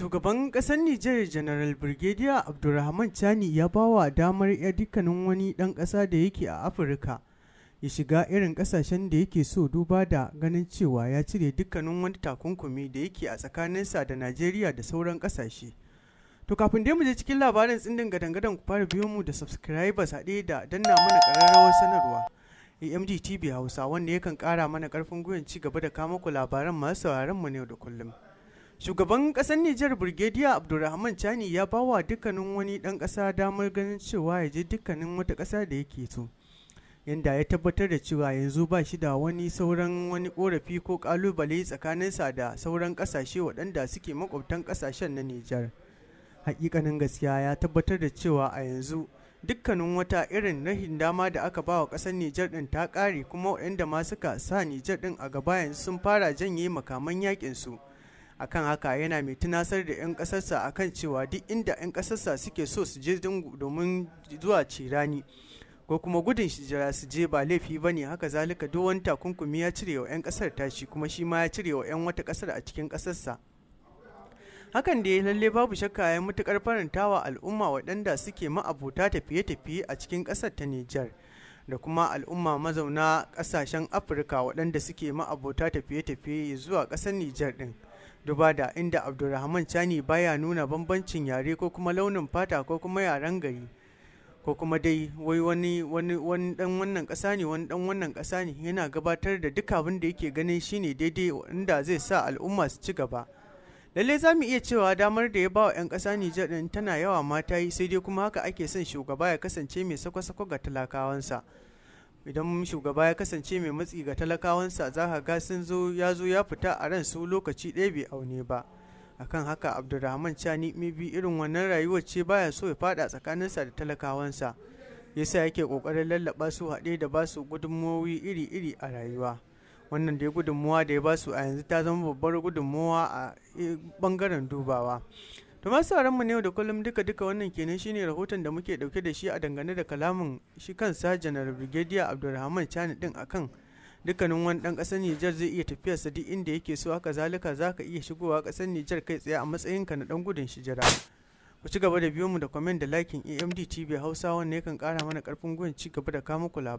Shugaban ƙasar Nijar General Brigadier Abdulrahman Chani ya bawa damar ya dukkanin wani dan kasa da yake a Afirka ya shiga irin kasashen da yake so duba da ganin cewa ya cire dukkanin wani takunkumi da yake a tsakanin sa da Najeriya da sauran kasashe To kafin dai mu je cikin labarin tsindin gadan-gadan ku fara biyo mu da subscribers haɗe da danna mana ƙararrawar sanarwa. AMD TV Hausa wanda yakan ƙara mana ƙarfin gwiwan ci gaba da kama ku labaran masu sauraron mu ne da kullum. Shugaban kasar Nijar Burgediya Abdulrahman Chani ya bawa dukkanin wani dan kasa damar ganin cewa ya je dukkanin wata kasa da yake so. Yanda ya tabbatar da cewa yanzu ba shi da wani sauran wani korafi ko tsakanin sa da sauran kasashe waɗanda suke makwabtan kasashen na Nijar. Hakikanin gaskiya ya tabbatar da cewa a yanzu dukkanin wata irin rahin dama da aka ba wa ƙasar Nijar ɗin ta ƙare kuma waɗanda ma suka sa Nijar ɗin a gaba yanzu sun fara janye makaman yaƙinsu akan haka yana mai tunasar da 'yan kasarsa akan cewa duk inda 'yan kasarsa suke so su je domin zuwa cirani ko kuma gudun shijira su je ba laifi ba ne haka zalika duk wani takunkumi ya cire wa 'yan kasar tashi kuma shi ma ya cire wa 'yan wata kasar a cikin kasarsa hakan da ya lalle babu shakka ya farantawa al'umma waɗanda suke ma'abota tafiye-tafiye a cikin ƙasar ta Nijar da kuma al'umma mazauna ƙasashen Afirka waɗanda suke ma'abota tafiye-tafiye zuwa ƙasar Nijar ɗin. duba da inda abdulrahman chani baya nuna bambancin yare ko kuma launin fata ko kuma yaren gari ko kuma dai wai wani wani dan wannan kasa ne wani dan wannan kasa ne yana gabatar da duk abin da yake ganin shine daidai inda zai sa al'umma su ci gaba lalle za mu iya cewa damar da ya ba wa 'yan ƙasa Nijar tana yawa mata yi sai dai kuma haka ake son shugaba ya kasance mai sako-sako ga talakawansa. idan shugaba ya kasance mai matsi ga talakawansa za ka ga sun zo ya zo ya fita a ran su lokaci ɗaya bai aune ba akan haka abdulrahman chani mibi irin wannan rayuwa ce baya so ya fada tsakaninsa da talakawansa yasa yake kokarin lallaba su haɗe da ba su gudunmowi iri-iri a rayuwa wannan da ya gudunmawa da ya ba su a yanzu ta zama babbar gudunmowa a bangaren eh, dubawa To masu mu ne da kullum duka duka wannan kenan shine rahoton da muke dauke da shi a dangane da kalamin shi kansa janar brigadier Abdulrahman Chani din akan dukkanin wani dan kasar Nijar zai iya sa duk inda yake so haka zalika zaka iya shigowa kasar Nijar kai tsaye a matsayinka na dan gudun shijira. ku ci gaba da biyo mu da comment da liking AMD TV Hausa wannan yakan kara mana karfin gwiwa ci gaba da kama muku